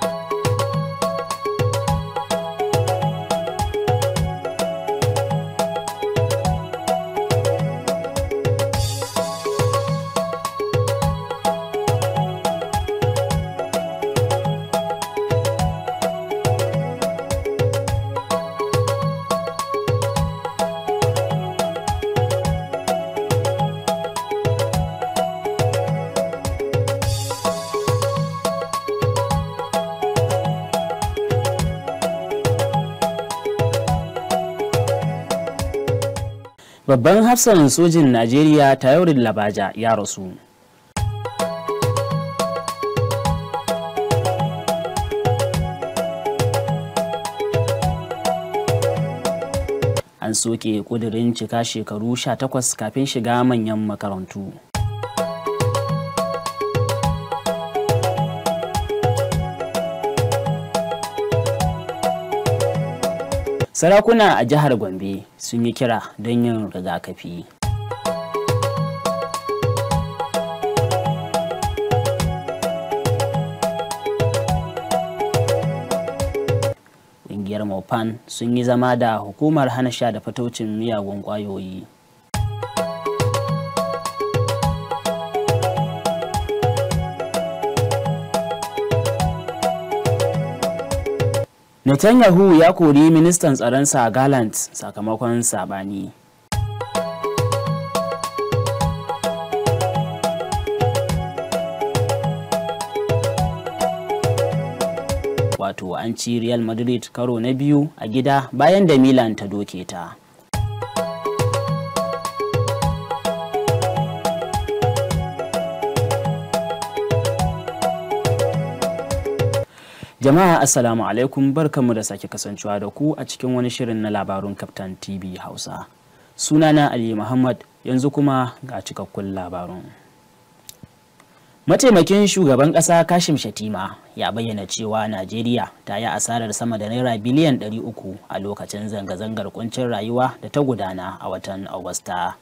Thank you. babban hafsan sojin najeriya tayorin labaja ya rasu an soke kudirin cika shekaru 18 kafin shiga manyan makarantu Sarakuna a jihar Gombe sun yi kira don yin rigakafi. Ƙungiyar Mopan sun yi zama da hukumar hana sha da fatocin miyagun ƙwayoyi. Netanyahu ya kori ministan tsaronsa Gallant sakamakon sabani. Wato an ci Real Madrid karo na biyu a gida bayan da Milan ta doke ta. Jama'a Assalamu alaikum barkanmu da sake kasancewa da ku a cikin wani shirin na labarun Kaftan TV Hausa. Sunana Ali Muhammad yanzu kuma ga cikakkun labarun. Mataimakin shugaban ƙasa Kashim Shatima ya bayyana cewa Najeriya ta yi asarar sama da naira biliyan 300 a lokacin zanga-zangar kuncin rayuwa da ta gudana a watan Agusta.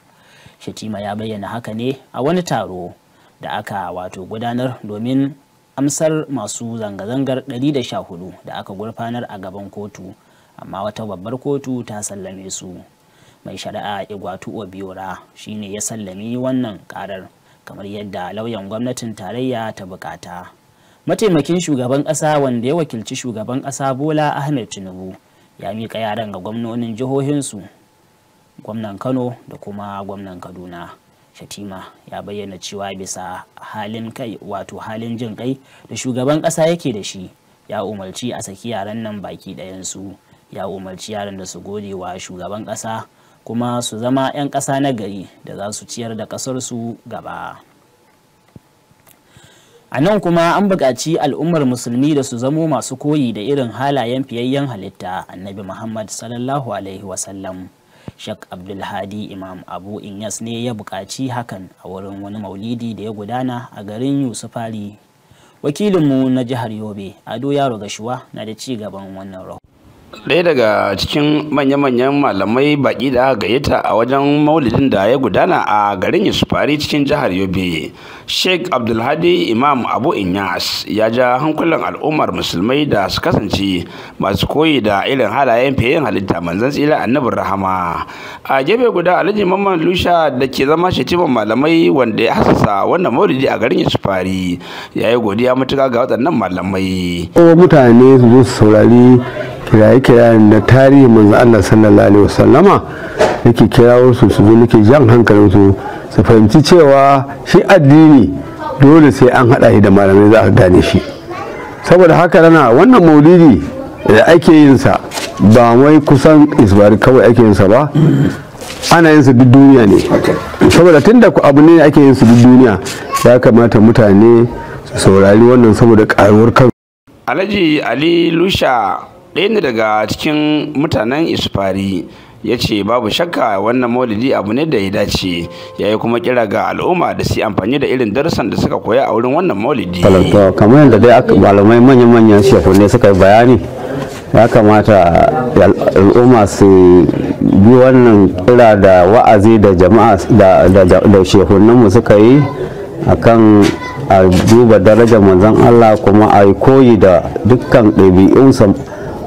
Shatima ya bayyana haka ne a wani taro da aka wato gudanar domin amsar masu zanga-zangar 114 da aka gurfanar a gaban kotu amma wata babbar kotu ta sallame su mai shari'a igwatu obiora shine ya sallame wannan karar kamar yadda lauyan gwamnatin tarayya ta bukata mataimakin shugaban kasa wanda ya wakilci shugaban kasa bola ahmed tinubu ya miƙa yaran ga gwamnonin jihohinsu gwamnan kano da kuma gwamnan kaduna shatima ya bayyana cewa bisa halin kai wato halin jin kai da shugaban kasa yake da shi ya umarci a saki yaran nan baki su ya umarci yaran da su gode wa shugaban kasa kuma su zama 'yan kasa na gari da za su ciyar da su gaba a nan kuma an buƙaci al'ummar musulmi da su zamo masu koyi da irin halayen fiyayyen halitta annabi muhammad sallallahu alaihi wasallam Sheikh abdulhadi imam abu inyas ne ya buƙaci hakan a wurin wani maulidi da ya gudana a garin yusufari wakilinmu na jihar yobe ado yaro gashuwa na da ci gaban wannan rahoton ɗaya daga cikin manya-manyan malamai baƙi da aka gayyata a wajen maulidin da ya gudana a garin yusufari cikin jihar yobe sheikh abdulhadi imam abu inyas ya ja hankulan al'ummar musulmai da su kasance masu koyi da irin halayen fiyin halitta manzan tsira annabin rahama a gefe guda alhaji mamman lusha da ke zama shetiman malamai wanda ya hasasa wannan maulidi a garin yusufari ya yi godiya matuka ga waɗannan malamai mutane su zo su saurari kiraye kiraye na tarihi manzo Allah sallallahu alaihi wasallama nake kirawo su su zo nake jan hankalin su su fahimci cewa shi addini dole sai an haɗa shi da malamai za a gane shi saboda haka rana wannan maulidi da ake yin sa ba wai kusan isbari kawai ake yin sa ba ana yin su duk duniya ne saboda tunda abu ne ake yin su duk duniya ya kamata mutane su saurari wannan saboda karuwar kan alhaji ali lusha ɗaya ne daga cikin mutanen isfari ya ce babu shakka wannan maulidi abu ne da ya dace ya yi kuma kira ga al'umma da su amfani da irin darussan da suka koya a wurin wannan maulidi kamar yadda dai malamai manya-manyan ne suka yi bayani ya kamata al'umma su bi wannan kira da wa'azi da jama'a da shekunanmu suka yi akan a duba darajar manzon Allah kuma a yi koyi da dukkan ɗabi'unsa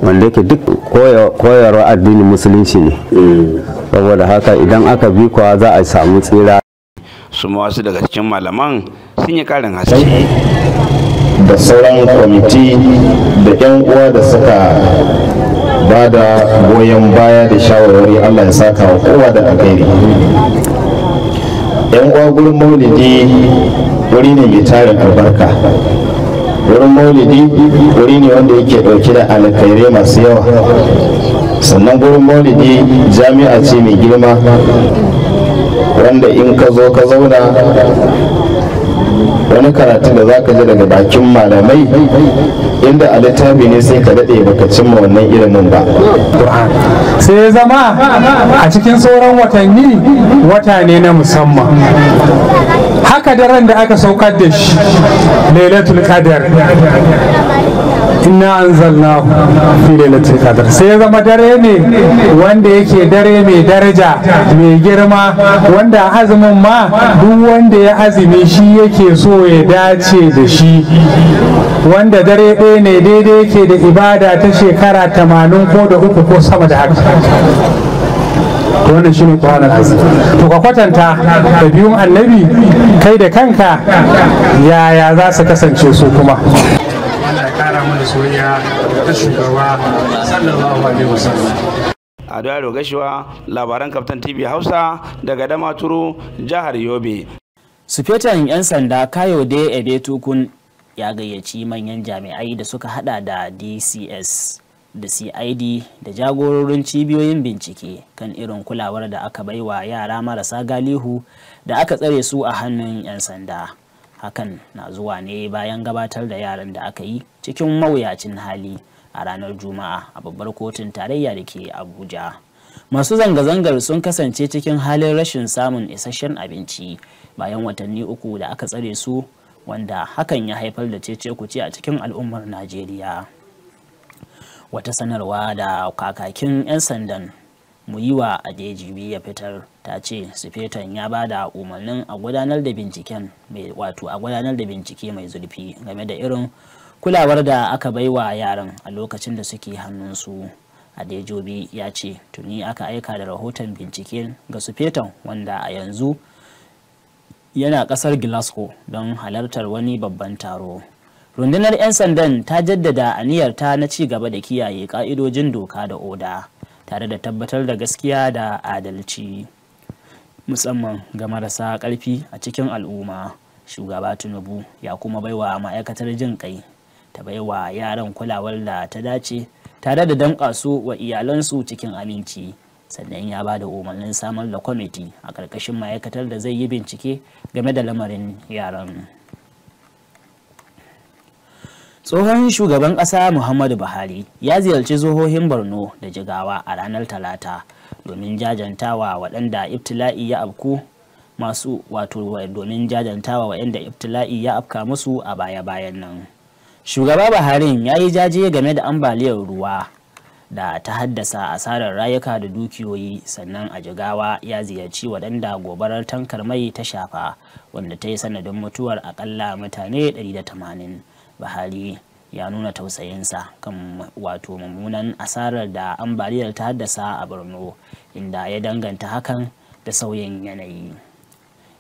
wanda yake duk koyarwa addinin musulunci ne saboda haka idan aka bi kuwa za a samu tsira su wasu daga cikin malaman sun yi karin haske da sauran kwamiti da 'yan uwa da suka ba da goyon baya da shawarwari allah ya saka wa kowa da alheri yan uwa gurin maulidi wuri ne mai tarin albarka wurin maulidi wuri ne wanda yake dauke da alkhairai masu yawa sannan wurin maulidi jami'a ce mai girma wanda in ka zo ka zauna wani karatu da za ka ji daga bakin malamai inda a littafi ne sai ka daɗe baka cimma wannan ilimin ba sai ya zama a cikin sauran watanni wata ne na musamman haka daren da aka saukar da shi lailatul qadar inna fi lailatul qadr sai ya zama dare ne wanda yake dare mai daraja mai girma wanda azumin ma duk wanda ya azumi shi yake so ya dace da shi wanda dare ɗaya ne daidai yake da ibada ta shekara tamanin ko da uku ko sama da haka to wannan shine ne ƙwanar to ka kwatanta da biyun annabi kai da kanka yaya za su kasance su kuma ƙara mana soyayya ta shugaba sallallahu alaihi wasallam Ado Gashiwa labaran Kaftan TV Hausa daga Damaturu jihar Yobe. Sufetan 'yan sanda Kayode Tukun ya gayyaci manyan jami'ai da suka hada da DCS da CID da jagororin cibiyoyin bincike kan irin kulawar da aka baiwa yara marasa galihu da aka tsare su a hannun 'yan sanda. hakan na zuwa ne bayan gabatar da yaran da aka yi cikin mawuyacin hali a ranar juma'a a babbar kotun tarayya da ke abuja masu zanga-zangar sun kasance cikin halin rashin samun isasshen abinci bayan watanni uku da aka tsare su wanda hakan ya haifar da cece-kuce a cikin al'ummar najeriya wata sanarwa da kakakin 'yan sandan mu yi wa adejibi ya fitar ta ce sifetan ya ba da umarnin a gudanar da binciken mai wato a gudanar da bincike mai zurfi game da irin kulawar da aka bai wa yaran a lokacin da suke hannunsu adejobi ya ce tuni aka aika da rahoton bincike ga sufeton wanda a yanzu yana kasar glasgow don halartar wani babban taro rundunar 'yan sandan ta jaddada aniyarta na ci gaba da kiyaye ka'idojin doka da oda tare da tabbatar da gaskiya da adalci musamman ga marasa ƙarfi a cikin al'umma shugaba tinubu ya kuma baiwa ma'aikatar jin kai ta baiwa yaran kulawar da ta dace tare da danƙa su wa iyalansu cikin aminci sannan ya ba da umarnin samar da kwamiti a ƙarƙashin ma'aikatar da zai yi bincike game da lamarin yaran. Tsohon shugaban ƙasa Muhammadu Buhari ya ziyarci zohohin Borno da Jigawa a ranar Talata domin jajantawa waɗanda ibtila'i ya afku masu wato domin jajantawa waɗanda ibtila'i ya afka musu a baya-bayan nan. Shugaba Buhari ya yi jaje game da ambaliyar ruwa da ta haddasa asarar rayuka da dukiyoyi sannan a jigawa ya ziyarci waɗanda gobarar tankar mai ta shafa wanda ta yi sanadin mutuwar aƙalla mutane 180. buhari ya nuna tausayinsa kan wato mummunan asarar da ambaliyar ta haddasa a borno inda ya danganta hakan da sauyin yanayi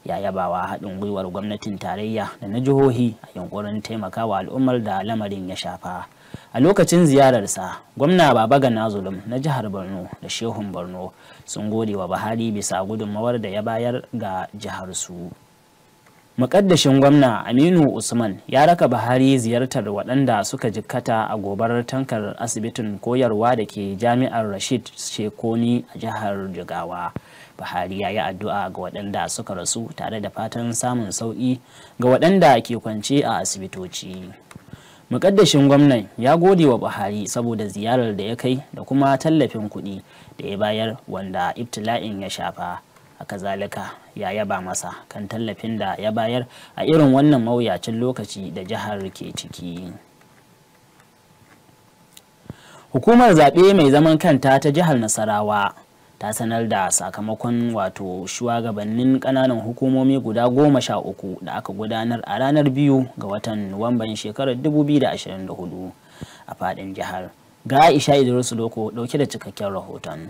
ya yabawa haɗin gwiwar gwamnatin tarayya da na jihohi a yunkurin taimakawa al'ummar da lamarin ya shafa a lokacin ziyararsa gwamna baba gana zulum na jihar borno da shehun borno sun gode wa buhari bisa gudunmawar da ya bayar ga jihar su Mukaddashin gwamna Aminu Usman ya raka Buhari ziyartar waɗanda suka jikkata a gobarar tankar asibitin koyarwa da ke jami'ar Rashid Shekoni a jihar Jigawa. Buhari ya yi addu'a ga waɗanda suka rasu tare da fatan samun sauƙi ga waɗanda ke kwance a asibitoci. Mukaddashin gwamnan ya gode wa Buhari saboda ziyarar da ya kai da kuma tallafin kuɗi da ya bayar wanda ibtila'in ya shafa. kazalika kazalika ya yaba masa kan tallafin da ya bayar a irin wannan mawuyacin lokaci da jihar ke ciki hukumar zaɓe mai zaman kanta ta jihar nasarawa ta sanar da sakamakon wato shugabannin ƙananan hukumomi guda goma sha uku da aka gudanar a ranar biyu ga watan nuwamban shekarar 2024 a faɗin jihar ga aisha idrisu loko ɗauke da cikakken rahoton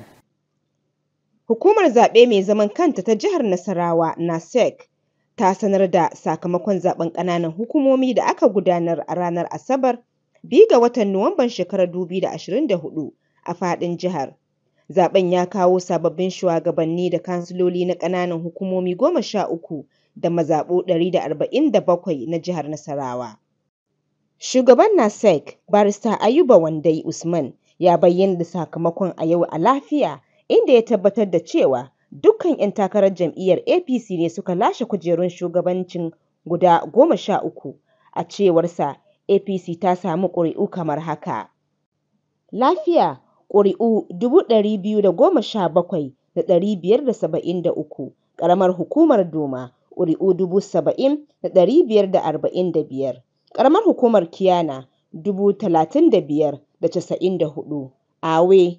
Hukumar zaɓe mai zaman kanta ta Jihar Nasarawa (NASEC) ta sanar da sakamakon zaɓen ƙananan hukumomi da aka gudanar a ranar Asabar, biyu ga watan Nuwamban shekarar 2024 a faɗin jihar. Zaɓen ya kawo sababbin shugabanni da kansiloli na ƙananan hukumomi goma sha uku da mazaɓu 147 na Jihar Nasarawa. Shugaban NASEC, Barista Ayuba Wandai Usman, ya bayyana da sakamakon a yau a Lafiya inda ya tabbatar da cewa dukkan 'yan takarar jam'iyyar APC ne suka lashe kujerun shugabancin guda goma sha uku. A cewarsa, APC ta samu ƙuri'u kamar haka: Lafiya ƙuri'u sha bakwai 217,573, Ƙaramar Hukumar Doma ƙuri'u 70,545, Ƙaramar Hukumar Kiyana hudu Awe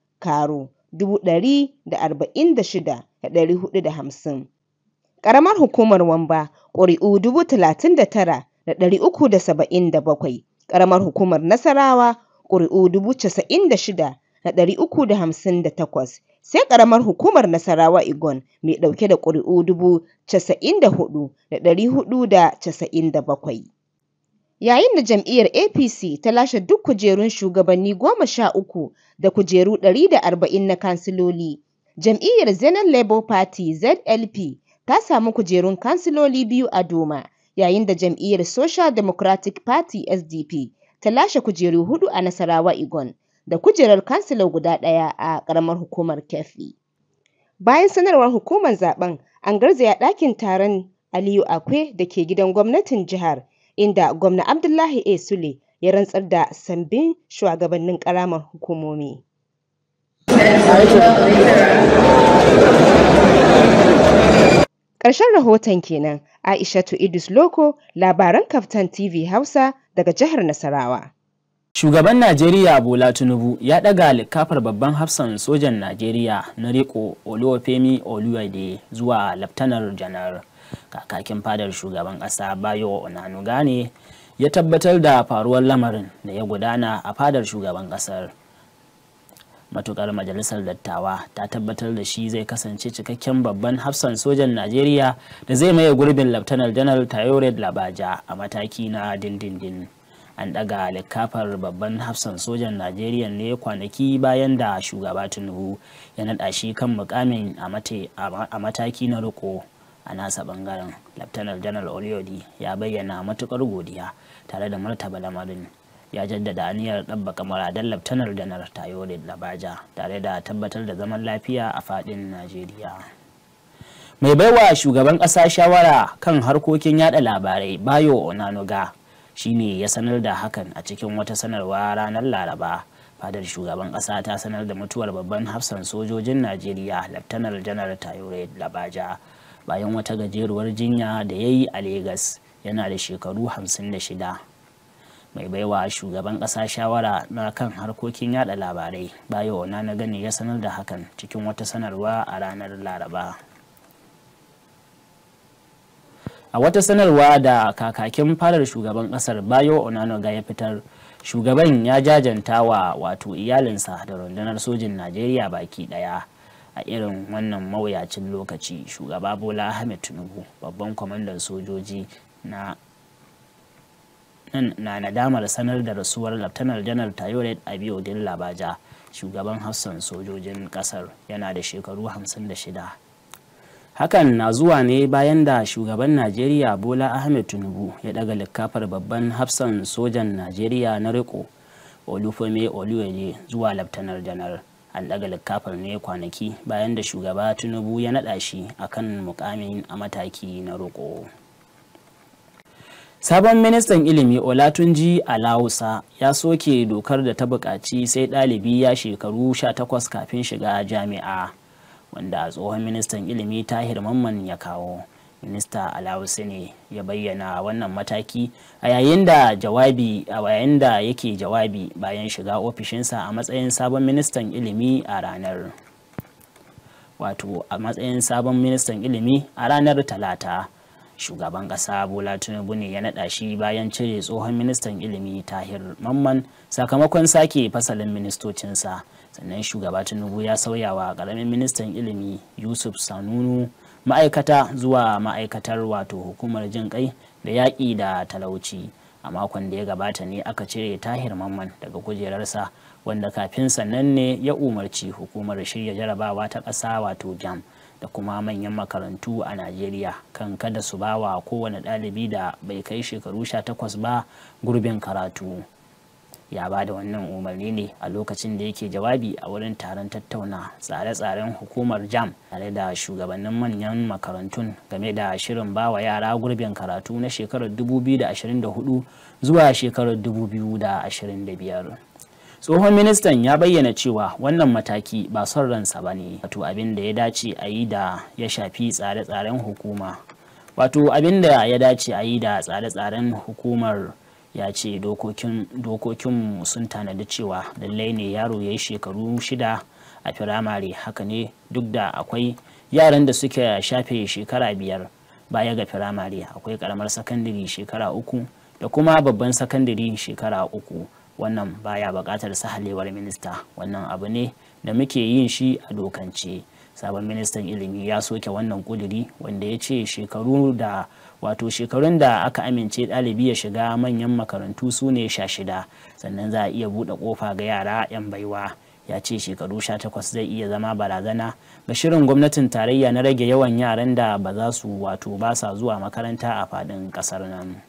Karo dubu ɗari da arba'in da shida da ɗari hudu da hamsin. Ƙaramar hukumar Wamba ƙuri'u dubu talatin da tara da ɗari uku da saba'in da bakwai. Ƙaramar hukumar Nasarawa ƙuri'u dubu casa'in da shida da ɗari uku da hamsin da takwas. Sai ƙaramar hukumar Nasarawa Igon mai ɗauke da ƙuri'u dubu casa'in da hudu da ɗari hudu da casa'in da bakwai. Yayin da jam'iyyar APC ta lashe duk kujerun shugabanni goma sha uku da kujeru ɗari da arba'in na kansiloli, jam'iyyar Zenat Labour Party (ZLP) ta samu kujerun kansiloli biyu a Doma, yayin da jam'iyyar Social Democratic Party (SDP) ta lashe kujeru hudu a Nasarawa Igon da kujerar kansila guda ɗaya a ƙaramar hukumar kefi Bayan sanarwar hukumar zaɓen, an garzaya ɗakin taron Aliyu Akwe da ke gidan gwamnatin jihar inda gwamna Abdullahi A. Sule ya rantsar da sambin shugabannin karamar hukumomi. Ƙarshen rahoton kenan Aishatu Idris Loko labaran Kaftan TV Hausa daga jihar Nasarawa. Shugaban Najeriya Bola Tinubu ya ɗaga likafar babban hafsan sojan Najeriya na riko Oluwafemi Oluwade zuwa Laftanar Janar. kakakin fadar shugaban ƙasa bayo gane ya tabbatar da faruwar lamarin da ya gudana a fadar shugaban ƙasar matukar majalisar dattawa ta tabbatar da shi zai kasance cikakken babban hafsan sojan najeriya da zai maye gurbin laftanar janar tayored labaja a mataki na dindindin an daga likafar babban hafsan sojan najeriya ne kwanaki bayan da shugaba tinubu ya naɗa shi kan mukamin a mataki na riko a nasa bangaren laftanar janar oliodi ya bayyana matukar godiya tare da martaba lamarin ya jaddada aniyar ɗabbaka muradar laftanar janar tayore labaja tare da tabbatar da zaman lafiya a fadin najeriya mai baiwa shugaban ƙasa shawara kan harkokin yada labarai bayo onanoga shine ya sanar da hakan a cikin wata sanarwa ranar laraba fadar shugaban ƙasa ta sanar da mutuwar babban hafsan sojojin najeriya laftanar janar tayore labaja bayan wata gajeruwar jinya da ya yi a Legas yana da shekaru 56. Mai baiwa shugaban ƙasa shawara na kan harkokin yada labarai bayo na gani ya sanar da hakan cikin wata sanarwa a ranar Laraba. A wata sanarwa da kakakin farar shugaban ƙasar bayo Onanoga ya fitar shugaban ya jajanta wa wato iyalinsa da rundunar sojin Najeriya baki ɗaya. a irin wannan mawuyacin lokaci shugaba bola ahmed tinubu babban kwamandan sojoji na na nadamar sanar da rasuwar laftanar janar tayoret din labaja shugaban hassan sojojin kasar yana da shekaru 56 hakan na zuwa ne bayan da shugaban najeriya bola ahmed tinubu ya daga likafar babban hafsan sojan najeriya na riko olufemi oluyeye zuwa laftanar janar an daga likafar ne kwanaki bayan da shugaba tinubu ya naɗa shi a kan mukamin a mataki na roƙo sabon ministan ilimi olatunji alausa ya soke dokar da ta buƙaci sai ɗalibi ya shekaru 18 kafin shiga jami'a wanda tsohon ministan ilimi tahir mamman ya kawo minista alawusini ya bayyana wannan mataki a yayin da jawabi a yayin da yake jawabi bayan shiga ofishinsa a matsayin sabon ministan ilimi a ranar wato a matsayin sabon ministan ilimi a ranar talata shugaban kasa bola tinubu ne ya naɗa shi bayan cire tsohon ministan ilimi tahir mamman sakamakon sake fasalin ministocinsa sannan shugaba tinubu ya sauyawa wa karamin ministan ilimi yusuf sanunu ma'aikata zuwa ma'aikatar wato hukumar jin kai da yaƙi da talauci a makon da ya gabata ne aka cire tahir mamman daga kujerarsa wanda kafin sannan ne ya umarci hukumar shirya jarabawa ta ƙasa wato jam da kuma manyan makarantu a najeriya kan kada su bawa kowane ɗalibi da bai kai shekaru 18 ba gurbin karatu ya ba da wannan umarni ne a lokacin da yake jawabi a wurin taron tattauna tsare-tsaren hukumar jam tare da shugabannin manyan makarantun game da shirin wa yara gurbin karatu na shekarar 2024 zuwa shekarar 2025 tsohon ministan ya bayyana cewa wannan mataki ba son ransa ba ne wato abin da ya dace a yi da ya shafi tsare-tsaren hukuma wato abin da ya dace a yi da tsare-tsaren hukumar ya ce dokokinmu sun tanadi cewa lallai ne yaro ya yi shekaru shida a firamare haka ne duk da akwai yaran da suke shafe shekara biyar baya ga firamare akwai karamar sakandare shekara uku da kuma babban sakandare shekara uku wannan baya buƙatar sahalewar minista wannan abu ne da muke yin shi a dokance sabon ministan ilimi ya soke wannan kuduri wanda ya ce shekaru da wato shekarun da aka amince ɗalibi ya shiga manyan makarantu su ne sha shida sannan za a iya buɗe ƙofa ga yara 'yan baiwa ya ce shekaru sha takwas zai iya zama barazana ga shirin gwamnatin tarayya na rage yawan yaran da ba za su wato ba sa zuwa makaranta a faɗin ƙasar nan.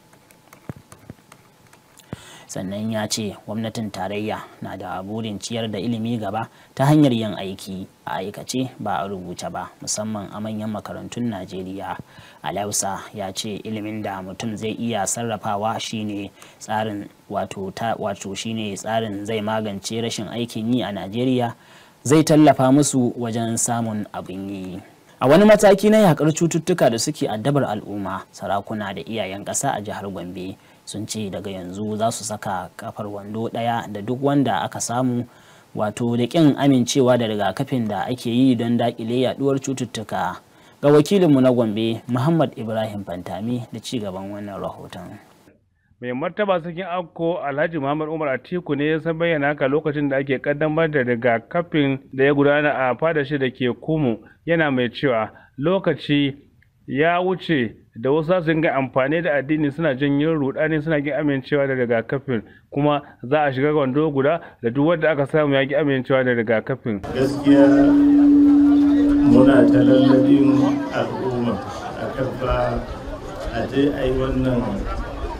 sannan ya ce gwamnatin tarayya na da burin ciyar da ilimi gaba ta hanyar yin aiki a aikace ba a rubuce ba musamman a manyan makarantun najeriya alausa ya ce ilimin da mutum zai iya sarrafawa shine tsarin wato shine tsarin zai magance rashin aikin yi a najeriya zai tallafa musu wajen samun abin yi a wani mataki na yakar cututtuka da suke addabar al'umma sarakuna da iyayen ƙasa a jihar gombe sun ce daga yanzu za su saka kafar wando daya da duk wanda aka samu wato da kin amincewa da rigakafin da ake yi don dakile yaɗuwar cututtuka ga wakilinmu na gombe muhammad ibrahim fantami da ci gaban wannan rahoton mai martaba sarkin akko alhaji muhammad umar atiku ne ya san bayyana haka lokacin da ake kaddamar da rigakafin da ya gudana a fada shi da ke kumu yana mai cewa lokaci ya wuce da wasu za su dinga amfani da addini suna yin rudani suna ki amincewa da rigakafin kuma za a shiga wando guda da duk wanda aka samu ya ki amincewa da rigakafin gaskiya muna ta lallabin al'umma a kafa a je a yi wannan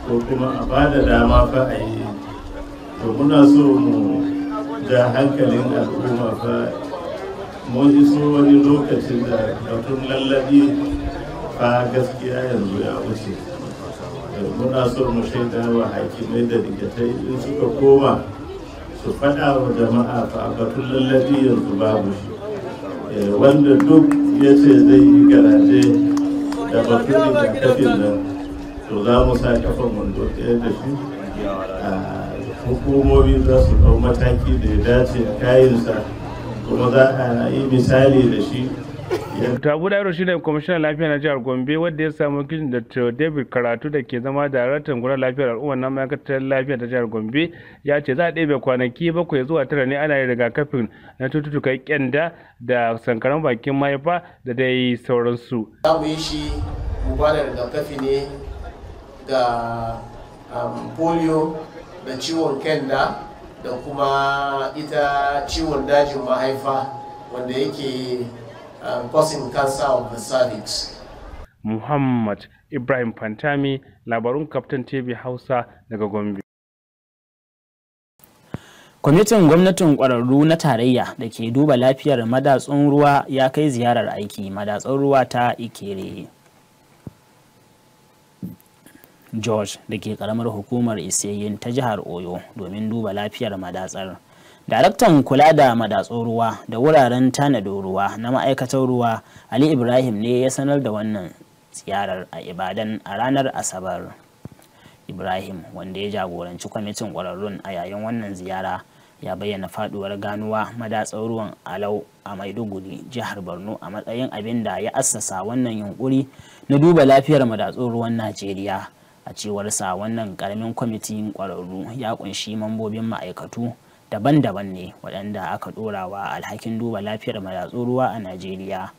ko kuma a ba da dama fa a yi to muna so mu da hankalin al'umma fa mun iso wani lokacin da mutum lallabi fa gaskiya yanzu ya wuce muna so mu shaida wa hakimai da dikatai in suka koma su faɗa wa jama'a fa batun lallabi yanzu babu shi eh, wanda duk ya ce zai yi garaje da batun rigakafin nan to za mu sa kafa wando ɗaya da shi hukumomi za su ɗau mataki da ya dace kayansa kuma za a yi misali da shi Tabu Dairo ne kwamishinan lafiya na jihar Gombe wadda ya samu kishin da David Karatu da ke zama daraktan gudanar lafiyar al'umma na ma'aikatar lafiya ta jihar Gombe ya ce za a ɗebe kwanaki bakwai zuwa tara ne ana yin rigakafin na cututtukan kyanda da sankaran bakin mahaifa da dai sauransu. Za mu yi shi mu ba da rigakafi ne ga um, polio da ciwon kyanda da kuma ita ciwon dajin mahaifa wanda yake um, causing cancer of the cervix. Muhammad Ibrahim Pantami, labarun Kaftan TV Hausa daga Gombe. Kwamitin gwamnatin ƙwararru na tarayya da ke duba lafiyar madatsun ruwa ya kai ziyarar aiki madatsun ruwa ta Ikere. George da ke ƙaramar hukumar Iseyin ta jihar Oyo domin duba lafiyar madatsar. daraktan kula da madatsun ruwa da wuraren tanadin ruwa na ma'aikatar ruwa ali ibrahim ne ya sanar da wannan ziyarar a ibadan a ranar asabar ibrahim wanda ya jagoranci kwamitin kwararrun a yayin wannan ziyara ya bayyana faduwar ganuwa madatsar ruwan alau a maiduguri jihar borno a matsayin abin da ya assasa wannan yunkuri na duba lafiyar madatsun ruwan najeriya a cewarsa wannan karamin kwamitin kwararru ya kunshi mambobin ma'aikatu daban-daban ne waɗanda aka ɗora wa alhakin duba lafiyar madatsun ruwa a najeriya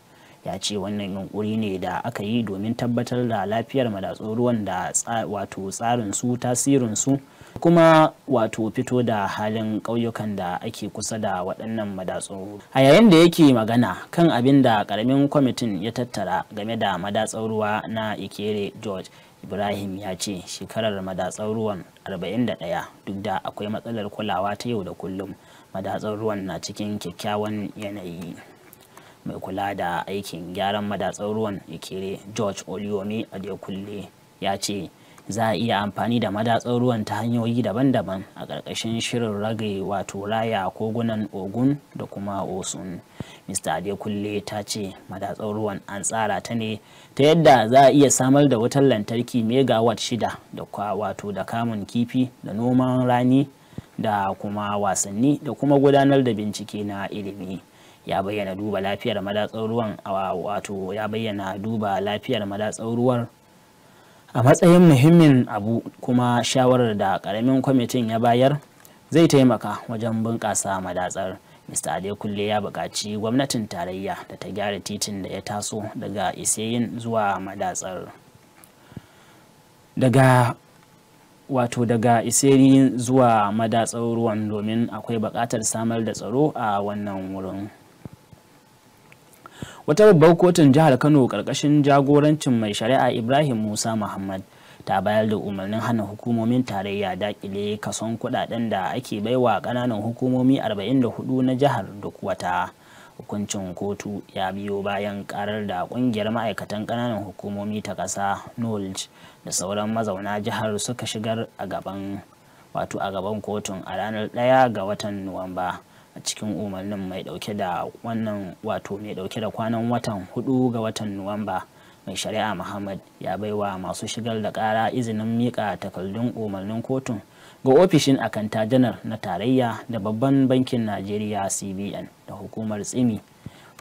ya ce wannan yunkuri ne da aka yi domin tabbatar da lafiyar madatsun ruwan da wato tsarin su tasirin su kuma wato fito da halin ƙauyukan da ake kusa da waɗannan madatsun a yayin da yake magana kan abin da ƙaramin kwamitin ya tattara game da madatsun ruwa na ikere george ibrahim ya ce shekarar madatsar ruwan 41 duk da akwai matsalar kulawa ta yau da kullum madatsar ruwan na cikin kyakkyawan yanayi mai kula da aikin gyaran madatsar ruwan ikere george oliomi a kulle ya ce za a iya amfani da madatsar ruwan ta hanyoyi daban-daban a ƙarƙashin shirin rage wato raya kogunan ogun da kuma osun mr adekunle ta ce madatsar ruwan an tsara ta ne ta yadda za a iya samar da wutar lantarki megawatt shida da wato da kamun kifi da noman rani da kuma wasanni da kuma gudanar da bincike na ilimi ya bayyana duba lafiyar madatsar ruwan a wato ya bayyana duba lafiyar madatsar ruwan a matsayin muhimmin abu kuma shawarar da karamin kwamitin ya bayar zai taimaka wajen bunƙasa madatsar mr adekunle ya buƙaci gwamnatin tarayya da ta gyara titin da ya taso daga isayin zuwa madatsar daga wato daga isayin zuwa madatsar ruwan domin akwai buƙatar samar da tsaro a wannan wurin wata babbar kotun jihar kano karkashin jagorancin mai shari'a ibrahim musa muhammad ta bayar da umarnin hana hukumomin tarayya dakile kason kudaden da ake baiwa kananan hukumomi 44 na jihar duk wata hukuncin kotu ya biyo bayan karar da kungiyar ma'aikatan kananan hukumomi ta kasa nolj da sauran mazauna jihar suka shigar a gaban wato a gaban kotun a ranar 1 ga watan nuwamba a cikin umarnin mai dauke da wannan wato mai dauke da kwanan watan hudu ga watan nuwamba mai shari'a muhammad ya baiwa masu shigar da kara izinin miƙa takardun umarnin kotun ga ofishin akanta janar na tarayya da babban bankin najeriya cbn da hukumar tsimi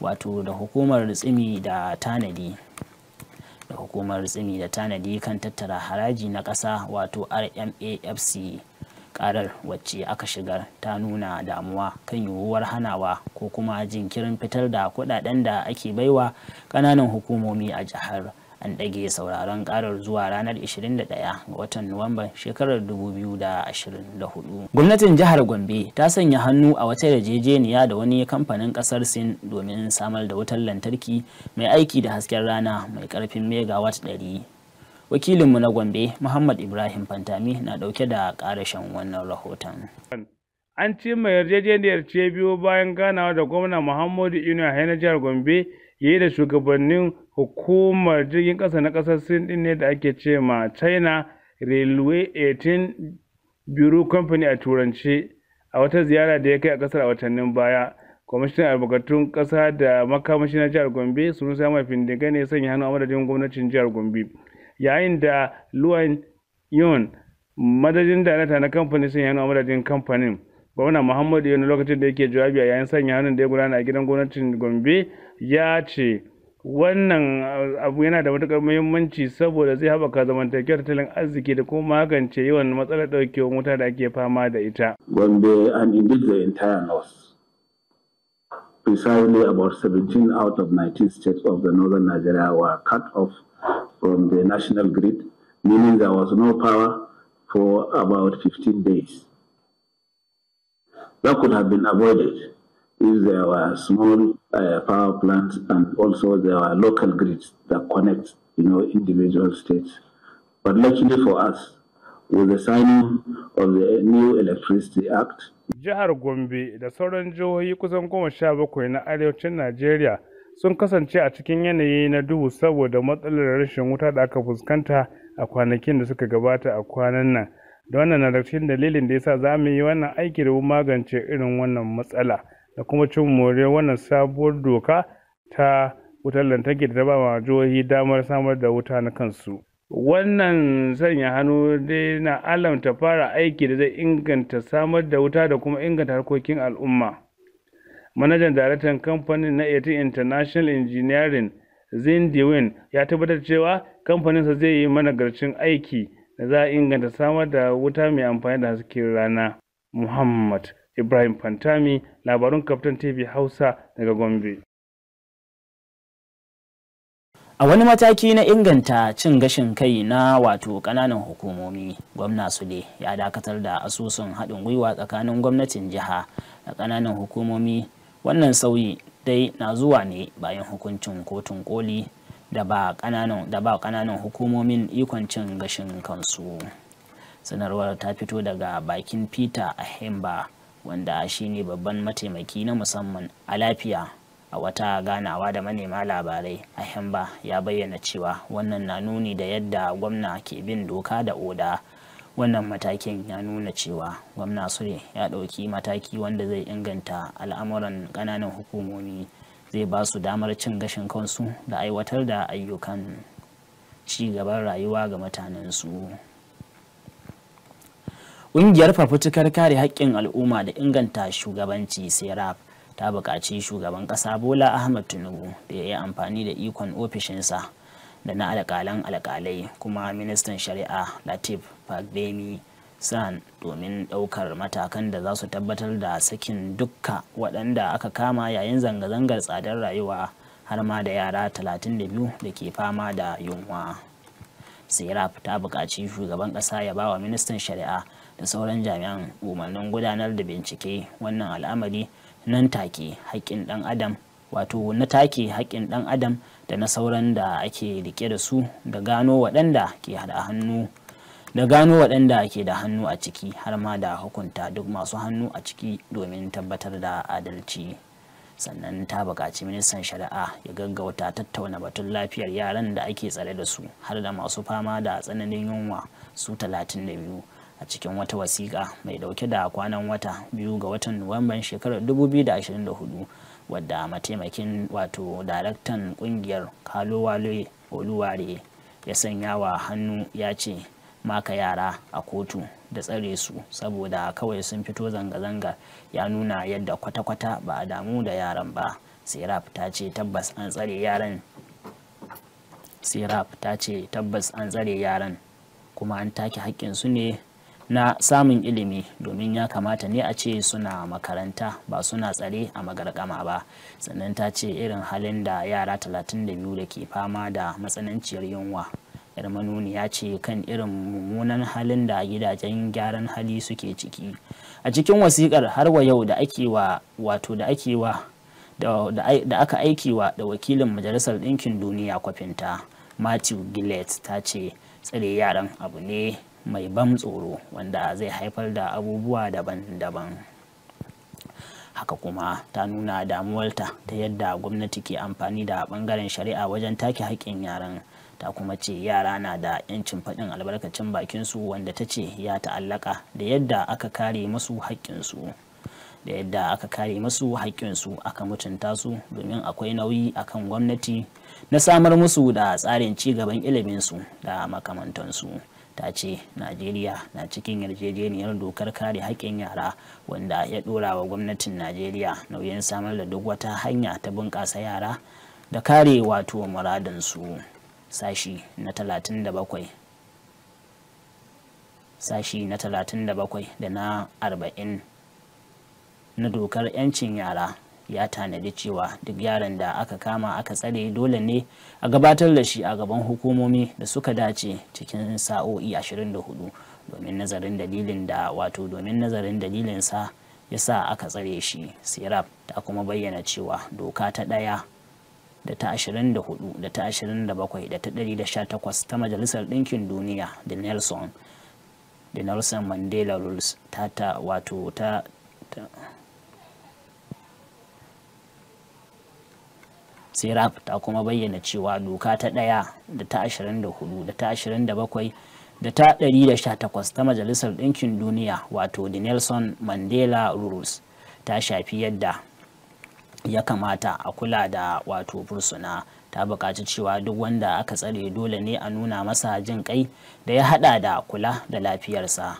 wato da hukumar tsimi da tanadi da hukumar tsimi da tanadi kan tattara haraji na kasa wato rmafc karar wacce aka shigar ta nuna damuwa kan yiwuwar hanawa ko kuma jinkirin fitar da kudaden da ake baiwa kananan hukumomi a jihar an ɗage sauraron karar zuwa ranar 21 ga watan Nuwamba shekarar 2024 gwamnatin jihar gombe ta sanya hannu a wata yarjejeniya da wani kamfanin kasar sin domin samar da wutar lantarki mai aiki da hasken rana mai karfin megawatt 100 wakilinmu na gombe muhammad ibrahim fantami na dauke da karashen wannan rahoton an ci mai yarjejeniyar ce biyu bayan ganawa da gwamna muhammadu inu a jihar gombe yi da shugabannin hukumar jirgin kasa na kasar sin din ne da ake ce ma china railway 18 bureau company a Turanci, a wata ziyara da ya kai a kasar a watannin baya kwamishinan albarkatun kasa da makamashi na jihar gombe sun sami findiga ne sanya hannu a madadin gwamnatin jihar gombe yayin da Luan Yun madajin darakta na kamfanin sun yana madajin kamfanin gwamna muhammadu yanu lokacin da yake jawabi a yayin sanya hannun da ya gudana a gidan gwamnatin gombe ya ce wannan uh, abu yana da matuƙar muhimmanci saboda zai haɓaka zamantakewar tattalin arziki da kuma magance yawan matsalar ɗaukewar wuta da ake fama da ita. Gombe an indeed the entire north. Precisely about 17 out of 19 states of the northern Nigeria were cut off from the national grid, meaning there was no power for about 15 days. That could have been avoided if there were small uh, power plants and also there were local grids that connect, you know, individual states. But luckily for us, with the signing of the new Electricity Act, Jihar Gombe da sauran jihohi kusan goma sha bakwai na arewacin Najeriya sun kasance a cikin yanayi na duhu saboda matsalar rashin wuta da aka fuskanta a kwanakin da suka gabata a kwanan nan da wannan na daga cikin dalilin da yasa za mu yi wannan aiki domin magance irin wannan matsala da kuma cin moriyar wannan sabuwar doka ta wutar lantarki da ta ba ma jihohi damar samar da wuta na kansu wannan sanya hannu dai na alamta fara aiki da zai inganta samar da wuta da kuma inganta harkokin al'umma Manajan Daraktan Kamfanin na 18 International Engineering, Zin Dewin ya tabbatar cewa kamfanin kamfaninsa zai yi managarcin aiki da za a inganta samar da wuta mai amfani da hasken rana. Muhammad Ibrahim Fantami, labarun Kaftan TV Hausa daga Gombe. A wani mataki na inganta cin gashin kai na wato kananan hukumomi, gwamna Sule ya dakatar da asusun haɗin gwiwa tsakanin gwamnatin jiha da kananan hukumomi wannan sauyi dai na zuwa ne bayan hukuncin kotun koli da ba kananan hukumomin ikon cin gashin kansu sanarwar ta fito daga bakin peter ahimba wanda shine babban mataimaki na musamman a lafiya a wata ganawa da manema labarai ahimba ya bayyana cewa wannan na nuni da yadda gwamna ke bin doka da oda wannan matakin ya nuna cewa gwamna sule ya ɗauki mataki wanda zai inganta al'amuran ƙananan hukumomi zai ba su damar cin gashin kansu da aiwatar da ayyukan ci gaban rayuwa ga mutanensu ƙungiyar fafutukar kare haƙƙin al'umma da inganta shugabanci serap ta buƙaci shugaban ƙasa bola ahmad tinubu da ya yi amfani da ikon ofishinsa da na alƙalan alƙalai kuma ministan shari'a latif Fagbemi San domin ɗaukar matakan da za su tabbatar da sakin dukka waɗanda aka kama yayin zanga-zangar tsadar rayuwa har ma da yara 32 da ke fama da yunwa. Serap ta buƙaci shugaban ƙasa ya ba wa ministan shari'a da sauran jami'an umarnin gudanar da bincike wannan al'amari nan take haƙƙin ɗan adam wato na take haƙƙin ɗan adam da na sauran da ake rike da su da gano waɗanda ke haɗa hannu da gano waɗanda ke da hannu a ciki har ma da hukunta duk masu hannu a ciki domin tabbatar da adalci sannan ta buƙaci ministan shari'a ya gaggauta tattauna batun lafiyar yaran da ake tsare da su har da masu fama da tsananin yunwa su 32 a cikin wata wasiƙa mai ɗauke da kwanan wata biyu ga watan nuwamban shekarar 2024 wadda mataimakin wato daraktan ƙungiyar kalowale oluware ya sanya wa hannu ya ce maka yara a kotu da tsare su saboda kawai sun fito zanga-zanga ya nuna yadda kwata-kwata ba a damu da yaran ba serap ta ce tabbas an tsare yaran kuma an take haƙƙinsu ne na samun ilimi domin ya kamata ne a ce suna makaranta ba suna tsare a magargama ba sannan ta ce irin halin da yara 32 da ke fama da matsananciyar yunwa yar ya ce kan irin mummunan halin da gidajen gyaran hali suke ciki a cikin wasikar har wa yau da ake wa wato da ake wa da aka aiki wa da wakilin majalisar ɗinkin duniya kwafinta matthew gillett ta ce tsare yaran abu ne mai ban tsoro wanda zai haifar da abubuwa daban-daban haka kuma ta nuna damuwarta ta yadda gwamnati ke amfani da bangaren shari'a wajen take haƙƙin yaran ta kuma ce yara na da 'yancin faɗin albarkacin bakinsu wanda ta ce ya ta'allaka da yadda aka kare masu haƙƙinsu da yadda aka kare masu haƙƙinsu aka mutunta su domin akwai nauyi akan gwamnati na samar musu da tsarin ci gaban iliminsu da makamantansu ta ce najeriya na cikin yarjejeniyar dokar kare haƙƙin yara wanda ya ɗora wa gwamnatin najeriya nauyin samar da duk wata hanya ta bunƙasa yara da kare wato muradinsu. sashi na 37 sashi na 37 da na 40 na dokar 'yancin yara ya tanadi cewa duk yaran da aka kama aka tsare dole ne a gabatar da shi a gaban hukumomi da suka dace cikin sa'o'i 24 domin nazarin dalilin da wato domin nazarin dalilinsa ya sa aka tsare shi sirap ta kuma bayyana cewa doka ta ɗaya da ta 24 da ta 27 da ta 118 ta majalisar ɗinkin duniya da nelson da nelson mandela rules ta ta wato ta tsirap ta kuma bayyana cewa doka ta ɗaya da ta 24 da ta 27 da ta 118 ta majalisar ɗinkin duniya wato the nelson mandela rules ta shafi yadda ya kamata a kula da wato fursuna ta buƙaci cewa duk wanda aka tsare dole ne a nuna masa jin kai da ya hada da kula da lafiyarsa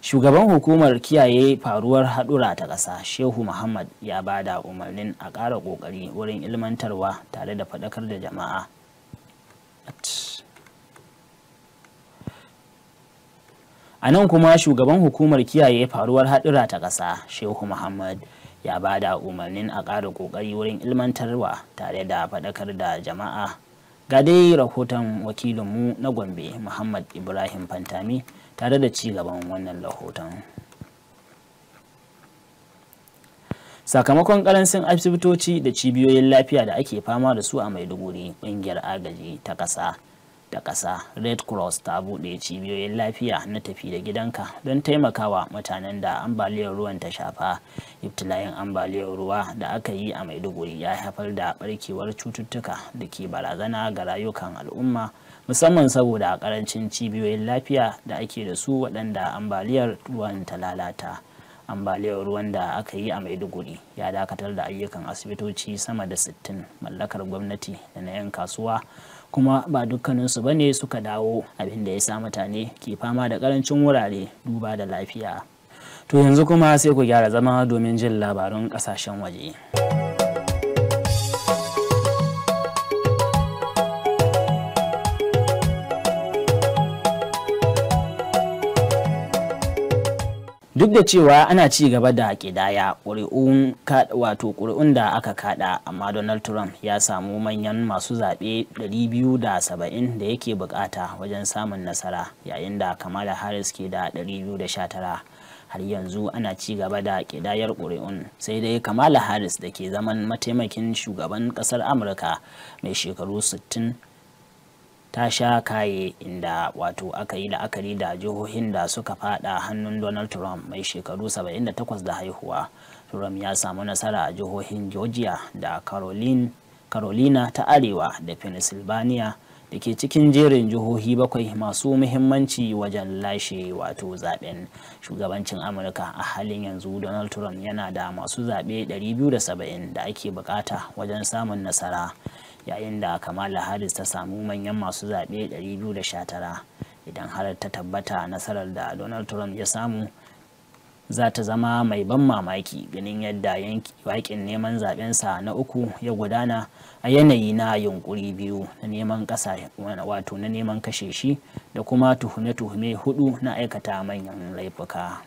shugaban hukumar kiyaye faruwar haɗura ta ƙasa shehu muhammad ya ba da umarnin a ƙara ƙoƙari wurin ilmantarwa tare da faɗakar da jama'a a nan kuma shugaban hukumar kiyaye faruwar haɗura ta ƙasa shehu muhammad ya ba da umarnin a ƙara ƙoƙari wurin ilmantarwa tare da faɗakar da jama'a ga dai rahoton wakilinmu na gombe muhammad ibrahim fantami tare da ci gaban wannan rahoton sakamakon karancin asibitoci da cibiyoyin lafiya da ake fama da su a maiduguri ƙungiyar agaji ta ƙasa da ƙasa red cross ta buɗe cibiyoyin lafiya na tafi da gidanka don taimakawa mutanen da ambaliyar ruwan ta shafa iftilayen ambaliyar ruwa da aka yi a maiduguri ya haifar da barkewar cututtuka da ke barazana ga rayukan al'umma musamman saboda karancin cibiyoyin lafiya da ake da su waɗanda ambaliyar ruwan ta lalata ambaliyar ruwan da aka yi a maiduguri ya dakatar da ayyukan asibitoci sama da 60 mallakar gwamnati da na 'yan kasuwa kuma ba dukkaninsu ba ne suka dawo abin da ya sa mutane ke fama da karancin wurare duba da lafiya to yanzu kuma sai ku gyara zama domin jin labarun kasashen waje. duk da cewa ana ci gaba da kidaya ƙuri'un wato ƙuri'un da aka kada amma donald trump ya samu manyan masu zaɓe 270 da yake bukata wajen samun nasara yayin da kamala harris ke da 219 har yanzu ana ci gaba da kidayar ƙuri'un sai dai kamala harris da ke zaman mataimakin shugaban ƙasar amurka mai shekaru 60 ta sha kaye inda wato aka yi la'akari da jihohin da suka fada hannun donald trump mai shekaru 78 da haihuwa trump ya samu nasara a jihohin georgia da carolina ta arewa da pennsylvania da ke cikin jerin jihohi bakwai masu muhimmanci wajen lashe wato zaben shugabancin amurka a halin yanzu donald trump yana da masu zaɓe 270 da ake bukata wajen samun nasara yayin da kamala harris ta samu manyan masu zaɓe 219 idan har ta tabbata nasarar da donald trump ya samu za ta zama mai ban mamaki ganin yadda yakin neman zaɓensa na uku ya gudana a yanayi na yunkuri biyu na neman ƙasa wato na neman kashe shi da kuma tuhume-tuhume hudu na aikata manyan laifuka.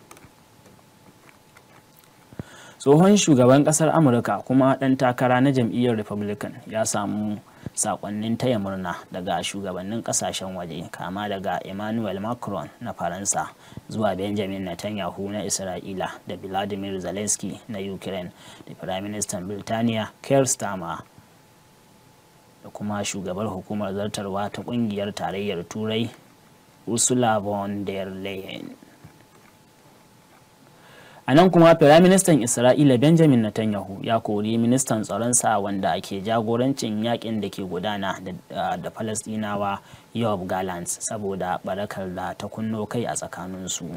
tsohon shugaban kasar amurka kuma ɗan takara na jam'iyyar republican ya samu sakonnin taya murna daga shugabannin kasashen waje kama daga emmanuel macron na faransa zuwa benjamin netanyahu na isra'ila da vladimir zelensky na ukraine da firaministan birtaniya keir starmer da kuma shugabar hukumar zartarwa ta kungiyar tarayyar turai ursula von der leyen a nan kuma firaministan isra'ila benjamin netanyahu ya kori ministan tsaronsa wanda ake jagorancin yakin da ke gudana da ah, falastinawa yob gallant saboda barakar da ta kunno kai a tsakaninsu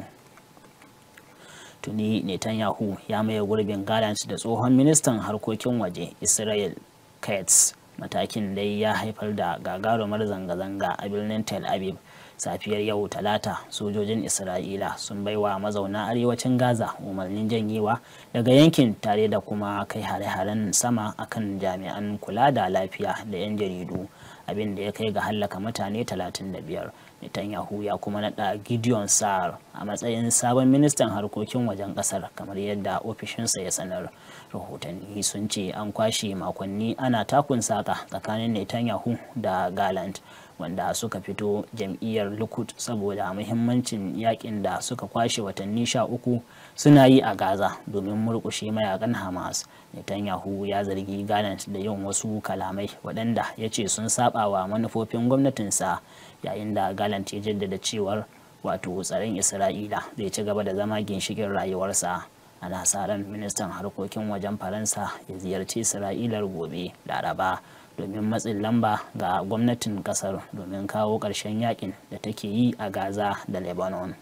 tuni netanyahu ya maye gurbin gallant da tsohon ministan harkokin waje israel katz matakin dai ya haifar da gagarumar zanga-zanga a birnin tel aviv safiyar yau talata sojojin isra'ila sun bai wa mazauna arewacin gaza umarnin janyewa daga yankin tare da kuma kai hare-haren sama akan jami'an kula da lafiya da 'yan jaridu abin da ya kai ga hallaka mutane 35 netanyahu ya kuma nada gideon sa'ar a matsayin sabon ministan harkokin wajen kasar kamar yadda ofishinsa ya sanar rahotanni sun ce an kwashe makonni ana takun saka tsakanin netanyahu da galant wanda suka fito jam'iyyar likud saboda muhimmancin yakin da suka kwashe watanni sha uku suna yi a gaza domin murkushe mayakan hamas netanyahu ya zargi galant da yin wasu kalamai waɗanda ya ce sun saba wa manufofin gwamnatinsa yayin da galant ya jaddada cewar wato tsaron isra'ila zai ci gaba da zama ginshikin rayuwarsa a nasarar ministan harkokin wajen faransa ya ziyarci isra'ilar gobe laraba domin matsin lamba ga gwamnatin kasar domin kawo ƙarshen yakin da take yi a gaza da lebanon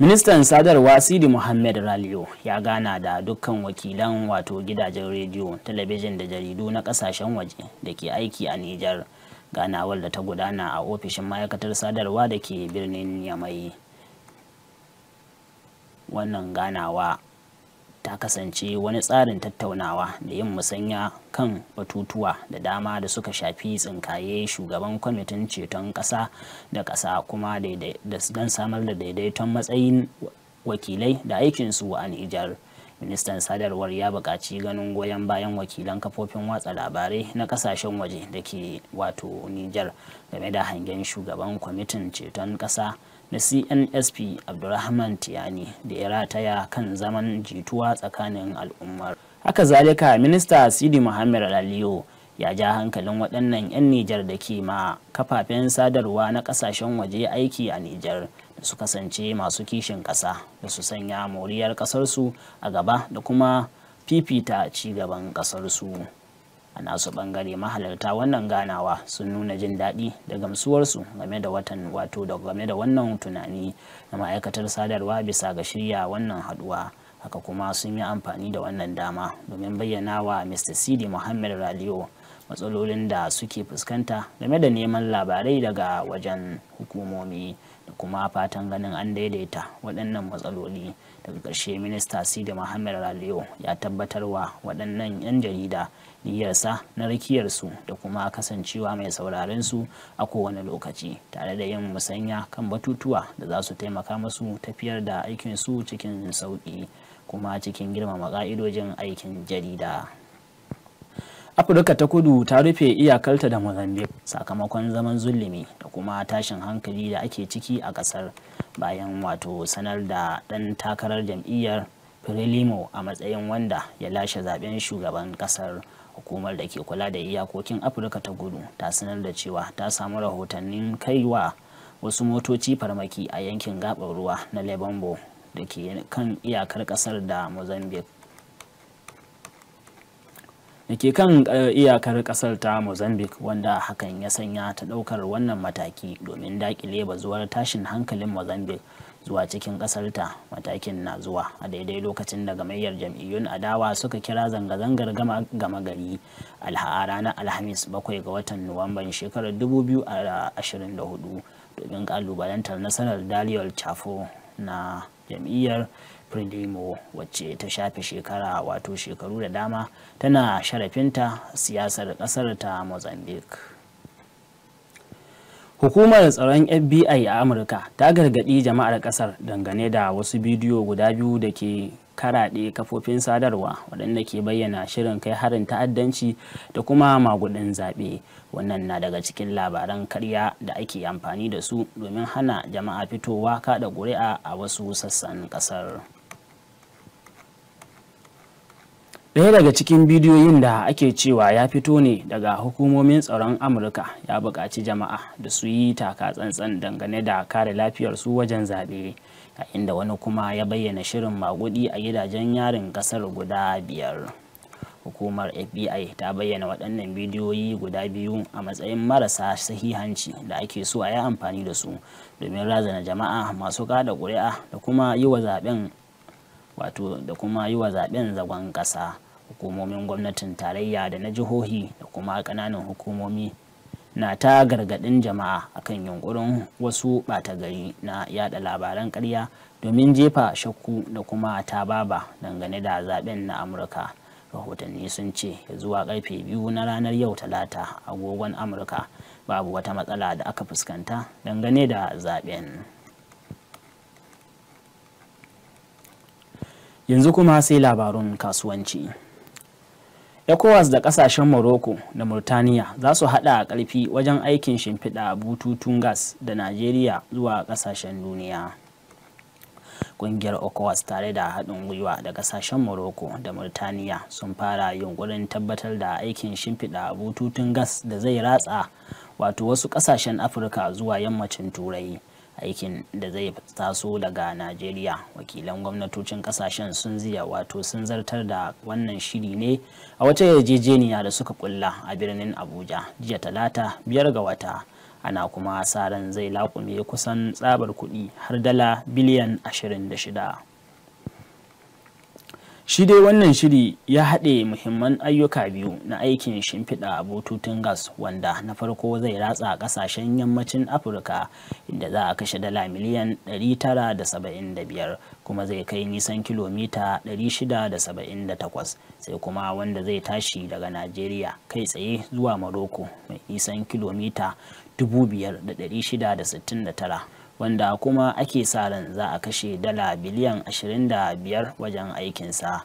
ministan sadarwa sidi muhammed raliyo ya gana da dukkan wakilan wato gidajen rediyo talabijin da jaridu na kasashen waje da ke aiki a nijar ganawar da ta gudana a ofishin ma'aikatar sadarwa da ke birnin yamai wannan ganawa ta kasance wani tsarin tattaunawa da yin musanya kan batutuwa da dama da suka shafi tsinkaye shugaban kwamitin ceton ƙasa da ƙasa kuma don samar da daidaiton matsayin wakilai da aikinsu a Nijar. ministan sadarwar ya buƙaci ganin goyon bayan wakilan kafofin watsa labarai na kasashen waje da ke wato nijar game da hangen shugaban kwamitin ceton ƙasa na cnsp abdulrahman tiyani da ya rataya kan zaman jituwa tsakanin al'ummar haka zalika minista sidi muhammad aliyu ya ja hankalin waɗannan 'yan nijar da ke ma kafafen sadarwa na ƙasashen waje aiki a nijar da su kasance masu kishin ƙasa da su sanya moriyar ƙasarsu a gaba da kuma fifita ci gaban ƙasarsu. a nasu bangare mahalarta wannan ganawa sun nuna jin daɗi da gamsuwarsu game da watan wato da game da wannan tunani na ma'aikatar sadarwa bisa ga shirya wannan haduwa haka kuma sun yi amfani da wannan dama domin bayyana wa mr sidi muhammad raliyo matsalolin da suke fuskanta game da neman labarai daga wajen hukumomi da kuma fatan ganin an daidaita waɗannan matsaloli daga ƙarshe minista sidi muhammad raliyo ya tabbatarwa waɗannan 'yan jarida niyyarsa na rakiyarsu da kuma kasancewa mai sauraren su a kowane lokaci tare da yin musanya kan batutuwa da za su taimaka masu tafiyar da aikinsu cikin sauƙi kuma cikin girmama ƙa'idojin aikin jarida. afirka ta kudu ta rufe iyakarta da mozambique sakamakon zaman zulumi da kuma tashin hankali da ake ciki a kasar bayan wato sanar da ɗan takarar jam'iyyar frelimo a matsayin wanda ya lashe zaben shugaban kasar hukumar da ke kula da iyakokin afirka ta kudu ta sanar da cewa ta samu rahotannin kaiwa wasu motoci farmaki a yankin gabar ruwa na lebombo da ke kan iyakar kasar da mozambique da ke kan eh, iyakar kasar ta mozambique wanda hakan ya sanya ta daukar wannan mataki domin dakile bazuwar tashin hankalin mozambique zuwa cikin kasar ta matakin na zuwa a daidai lokacin da gamayyar jam'iyyun adawa suka kira zanga-zangar gama gari alha'a ranar alhamis bakwai ga watan nuwamban shekarar 2024 domin kalubalantar nasarar daliel chafo na jam'iyyar Frelimo wacce ta shafe shekara wato shekaru da dama tana sharafinta siyasar kasar ta Mozambique. Hukumar tsaron FBI a Amurka ta gargaɗi jama'ar ƙasar dangane da wasu bidiyo guda biyu da ke karaɗe kafofin sadarwa waɗanda ke bayyana shirin kai harin ta'addanci da kuma magudin zaɓe wannan na daga cikin labaran karya da ake amfani da su domin hana jama'a fitowa kaɗa ƙuri'a a wasu sassan ƙasar. daya daga cikin bidiyoyin da ake cewa ya fito ne daga hukumomin tsaron Amurka ya buƙaci jama'a da su yi taka tsantsan dangane da kare lafiyarsu wajen zaɓe, yayin da wani kuma ya bayyana shirin maguɗi a gidajen yarin ƙasar guda biyar. Hukumar FBI ta bayyana waɗannan bidiyoyi guda biyu a matsayin marasa sahihanci da ake so a yi amfani da su domin razana jama'a masu kada ƙuri'a da kuma yi wa zaɓen zaɓen zagon ƙasa. hukumomin gwamnatin tarayya da na jihohi da kuma kananan hukumomi na ta gargaɗin jama'a akan yunkurin wasu bata gari na yada labaran karya domin jefa shakku da kuma ta baba dangane da zaben na amurka rahotanni sun ce zuwa karfe biyu na ranar yau talata agogon amurka babu wata matsala da aka fuskanta dangane da zaben yanzu kuma sai labarun kasuwanci ECOWAS da kasashen Morocco da Murtaniya za su haɗa a karfi wajen aikin shimfiɗa bututun gas da Najeriya zuwa kasashen duniya. Kungiyar ECOWAS tare da haɗin gwiwa da kasashen Morocco da Murtaniya sun fara yunkurin tabbatar da aikin shimfiɗa bututun gas da zai ratsa wato wasu kasashen Afirka zuwa yammacin Turai. aikin da zai taso daga najeriya wakilan gwamnatocin kasashen sun ziya wato sun zartar da wannan shiri ne a wata yarjejeniya da suka kulla a birnin abuja jiya talata biyar ga wata ana kuma sa ran zai laƙume kusan tsabar kuɗi har dala biliyan 26 shi dai wannan shiri ya haɗe muhimman ayyuka biyu na aikin shimfiɗa bututun gas wanda na farko zai ratsa ƙasashen yammacin afirka inda za a kashe dala miliyan 975 kuma zai kai nisan kilomita 678 sai kuma wanda zai tashi daga najeriya kai tsaye zuwa maroko mai nisan kilomita 5669 wanda kuma ake sa ran za a kashe dala biliyan 25 wajen aikinsa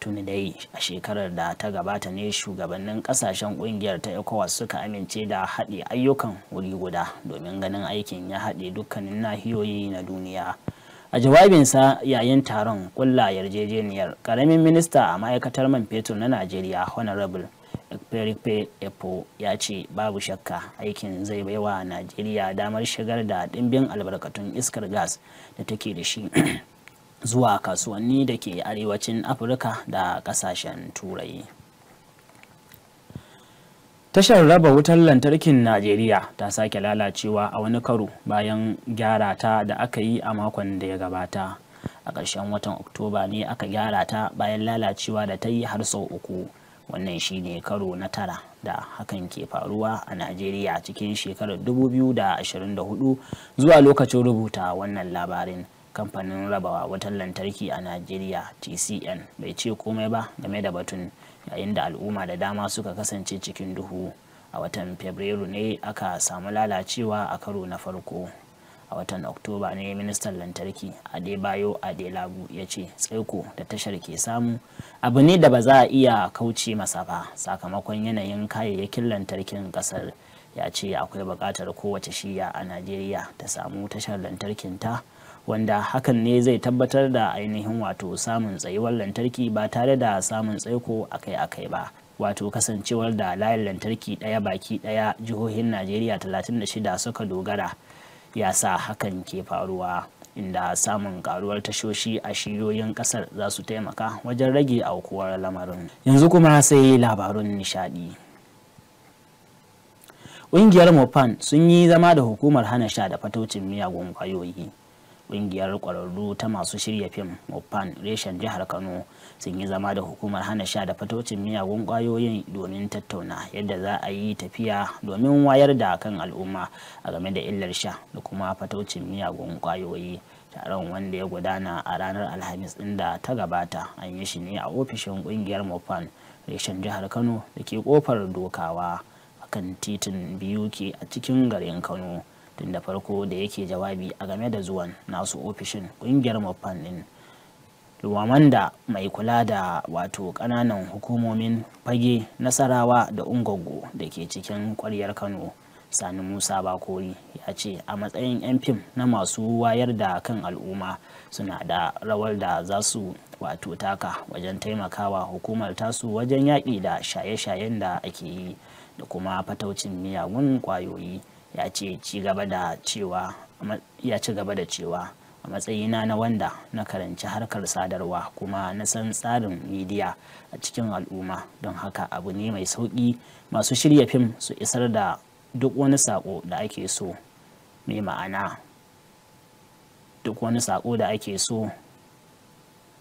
tuni dai a shekarar da ta gabata ne shugabannin kasashen kungiyar ta ecowas suka amince da haɗe ayyukan wuri guda domin ganin aikin ya haɗe dukkanin nahiyoyi na duniya a jawabinsa yayin taron kulla yarjejeniyar ƙaramin minista a ma'aikatar man fetur na najeriya honorable ekperipe epo ya ce babu shakka aikin zai baiwa najeriya damar shigar da ɗimbin albarkatun iskar gas da take da shi zuwa kasuwanni da ke arewacin afirka da ƙasashen turai tashar raba wutar lantarkin najeriya ta sake lalacewa a wani karo bayan gyara ta da aka yi a makon da ya gabata a ƙarshen watan oktoba ne aka gyara ta bayan lalacewa da ta yi har sau uku wannan shi ne karo na tara da hakan ke faruwa a najeriya cikin shekarar 2024 zuwa lokacin rubuta wannan labarin kamfanin rabawa wutar lantarki a najeriya tcn bai ce komai ba game da batun yayin da al'umma da dama suka kasance cikin duhu a watan fabrairu ne aka samu lalacewa a karo na farko a watan oktoba ne ministan lantarki adebayo lagu ya ce tsaiko da tashar ke samu abu ne da ba za a iya kauce masa ba sakamakon yanayin kayayyakin lantarkin kasar ya ce akwai bukatar kowace shiya a najeriya ta samu tashar lantarkin ta wanda hakan ne zai tabbatar da ainihin wato samun tsayuwar lantarki ba tare da samun tsaiko akai-akai ba wato kasancewar da layin lantarki ɗaya baki ɗaya jihohin najeriya 36 suka dogara ya sa hakan ke faruwa inda samun karuwar tashoshi a shiyoyin kasar za su taimaka wajen rage aukuwar lamarin yanzu kuma sai labarun nishadi ƙungiyar mopan sun yi zama da hukumar hana sha da fatocin miyagun kwayoyi kungiyar kwararru ta masu shirya fim mopan reshen jihar kano sun yi zama da hukumar hana sha da fatocin miyagun kwayoyin domin tattauna yadda za a yi tafiya domin wayar da kan al'umma a game da illar sha da kuma fatocin miyagun kwayoyi taron wanda ya gudana a ranar alhamis inda ta gabata an yi shi ne a ofishin kungiyar mopan reshen jihar kano da ke kofar dokawa akan titin biyu ke a cikin garin kano tun da farko da yake jawabi a game da zuwan nasu ofishin kungiyar mafan din luwamanda mai kula da wato kananan hukumomin fage nasarawa da ungogo da ke cikin kwaryar kano sani musa bakori ya ce a matsayin 'yan fim na masu wayar da kan al'umma suna da rawar da za su wato taka wajen taimakawa hukumar tasu wajen yaƙi da shaye-shayen da ake yi da kuma fataucin miyagun kwayoyi. ya ce ci gaba da cewa ya ci gaba da cewa a matsayina na wanda na karanci harkar sadarwa kuma na san tsarin midiya a cikin al'umma don haka abu ne mai sauƙi masu shirya fim su isar da duk wani saƙo da ake so mai ma'ana duk wani saƙo da ake so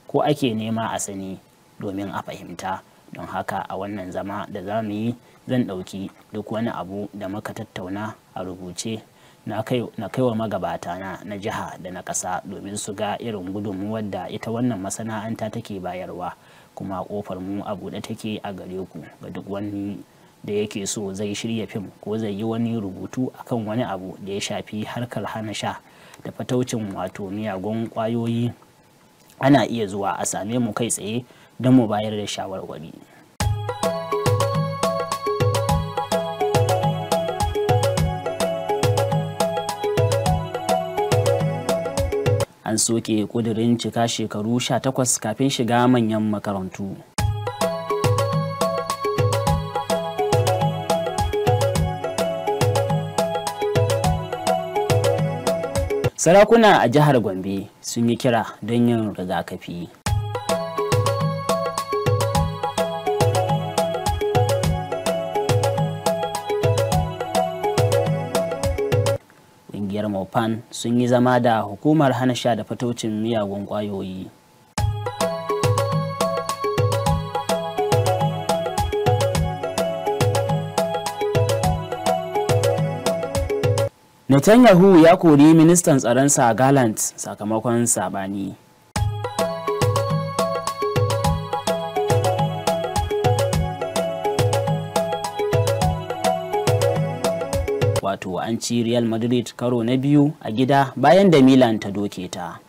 ko ake nema a sani domin a fahimta don haka a wannan zama da za mu yi zan ɗauki duk wani abu da muka tattauna a rubuce na kai kaiwa magabata na na jiha da na ƙasa domin su ga irin gudunmuwar da ita wannan masana'anta take bayarwa kuma kofar mu a buɗe take a gare ku ga duk wani da yake so zai shirya fim ko zai yi wani rubutu akan wani abu da ya shafi harkar hana sha da fataucin wato miyagun kwayoyi ana iya zuwa a same mu kai tsaye don mu bayar da shawarwari an soke kudirin cika shekaru 18 kafin shiga manyan makarantu. Sarakuna a jihar Gombe sun yi kira don yin rigakafi. Mopan sun yi zama da hukumar hana sha da fatocin miyagun ƙwayoyi. Netanyahu ya kori ministan tsaronsa galant sakamakon sabani. wato an ci real madrid karo na biyu a gida bayan da milan ta doke ta